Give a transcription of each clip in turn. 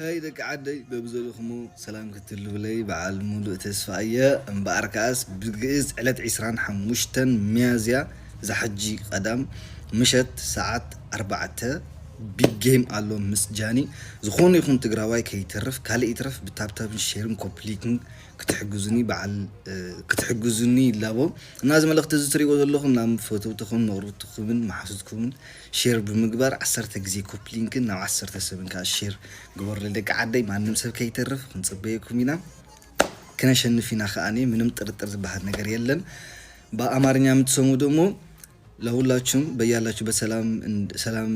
هاي دك عدي ببزول خمو سلام كتلو لي بعال مولو تسفاية مباركاس بقيز علات عسران حموشتن ميازيا زحجي قدم مشت ساعة أربعة ቢግ ጌም ኣሎ ምስ ጃኒ ዝኾነ ይኹን ትግራዋይ ከይተርፍ ካልእ ይትረፍ ብታብታብን ሸርን ኮምፕሊትን ክትሕግዙኒ በዓል ክትሕግዙኒ ይላቦ እና እዚ መልእኽቲ እዚ ትሪእዎ ዘለኹም ናብ ፈተውትኹም ነቕርብትኹምን ማሓሱትኩምን ሼር ብምግባር ዓሰርተ ግዜ ኮፕሊንክን ናብ ዓሰርተ ሰብን ከዓ ሼር ግበር ደቂ ዓደይ ማንም ሰብ ከይተርፍ ክንፅበየኩም ኢና ክነሸንፍ ኢና ከዓኒ ምንም ጥርጥር ዝበሃል ነገር የለን ብኣማርኛ ምትሰሙ ደሞ ለሁላችሁም በያላችሁ በሰላም ሰላም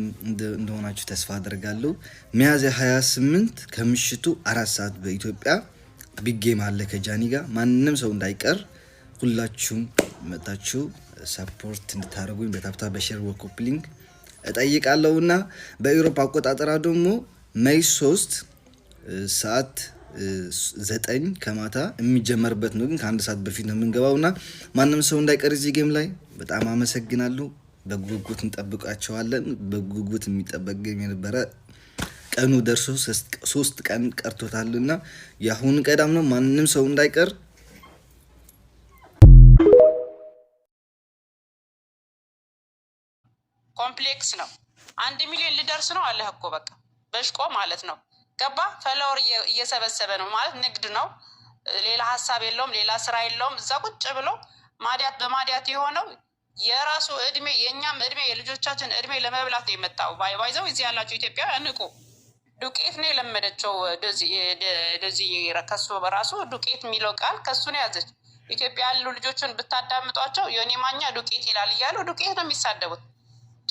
እንደሆናችሁ ተስፋ አደርጋለሁ። ሚያዝያ 28 ከምሽቱ አራት ሰዓት በኢትዮጵያ ቢጌም አለ ከጃኒ ጋር ማንም ሰው እንዳይቀር ሁላችሁም መጣችሁ ሰፖርት እንድታደርጉኝ በታብታ በሼር ወኮፕሊንግ እጠይቃለሁ እና በኢሮፓ አቆጣጠራ ደግሞ ሜይ 3 ሰዓት ዘጠኝ ከማታ የሚጀመርበት ነው። ግን ከአንድ ሰዓት በፊት ነው የምንገባው እና ማንም ሰው እንዳይቀር እዚህ ጌም ላይ በጣም አመሰግናለሁ። በጉጉት እንጠብቃቸዋለን። በጉጉት የሚጠበቅ ጌም የነበረ ቀኑ ደርሶ ሶስት ቀን ቀርቶታልና የአሁኑ ቀዳም ነው። ማንም ሰው እንዳይቀር ኮምፕሌክስ ነው። አንድ ሚሊዮን ልደርስ ነው አለህ እኮ በቃ በሽቆ ማለት ነው። ገባ ፈለወር እየሰበሰበ ነው ማለት ንግድ ነው። ሌላ ሀሳብ የለውም፣ ሌላ ስራ የለውም። እዛ ቁጭ ብሎ ማዲያት በማዲያት የሆነው የራሱ እድሜ የእኛም እድሜ የልጆቻችን እድሜ ለመብላት ነው የመጣው። ባይባይዘው እዚህ ያላቸው ኢትዮጵያ ንቁ። ዱቄት ነው የለመደችው። ደዚህ ከሱ በራሱ ዱቄት የሚለው ቃል ከሱ ነው ያዘች። ኢትዮጵያ ያሉ ልጆችን ብታዳምጧቸው የኔ ማኛ ዱቄት ይላል እያሉ ዱቄት ነው የሚሳደቡት።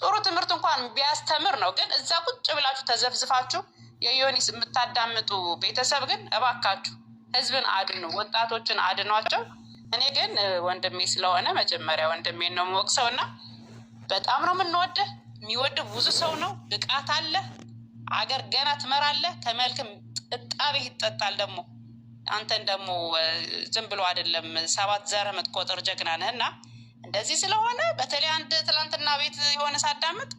ጥሩ ትምህርት እንኳን ቢያስተምር ነው። ግን እዛ ቁጭ ብላችሁ ተዘፍዝፋችሁ የዮኒስ የምታዳምጡ ቤተሰብ ግን እባካችሁ ህዝብን አድኑ፣ ወጣቶችን አድኗቸው። እኔ ግን ወንድሜ ስለሆነ መጀመሪያ ወንድሜ ነው የምወቅሰው እና በጣም ነው የምንወደ የሚወድ ብዙ ሰው ነው። ብቃት አለ። አገር ገና ትመራለ። ከመልክም እጣቤህ ይጠጣል። ደግሞ አንተን ደግሞ ዝም ብሎ አይደለም ሰባት ዘር የምትቆጥር ጀግና ነህ እና እንደዚህ ስለሆነ በተለይ አንድ ትናንትና ቤት የሆነ ሳዳምጥ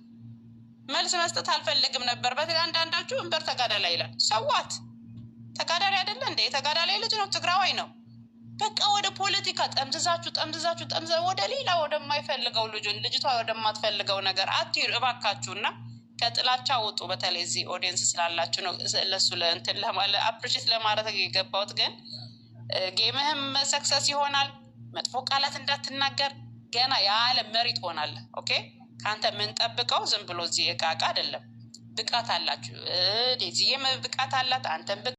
መልስ መስጠት አልፈልግም ነበር። በተለይ አንዳንዳችሁ እንበር ተጋዳላይ ይላል። ሰዋት ተጋዳላይ አይደለ እንደ የተጋዳላይ ልጅ ነው። ትግራዋይ ነው። በቃ ወደ ፖለቲካ ጠምዝዛችሁ ጠምዝዛችሁ ጠምዘ ወደ ሌላ ወደማይፈልገው ልጁን ልጅቷ ወደማትፈልገው ነገር እባካችሁ። እና ከጥላቻ ውጡ። በተለይ እዚህ ኦዲየንስ ስላላችሁ ነው ለሱ ለእንትን አፕሪሼት ለማድረግ የገባሁት። ግን ጌምህም ሰክሰስ ይሆናል። መጥፎ ቃላት እንዳትናገር ገና የዓለም መሪ ትሆናለህ። ኦኬ ከአንተ የምንጠብቀው ዝም ብሎ እዚህ እቃ እቃ አይደለም። ብቃት አላችሁ፣ ዴዚዬም ብቃት አላት፣ አንተን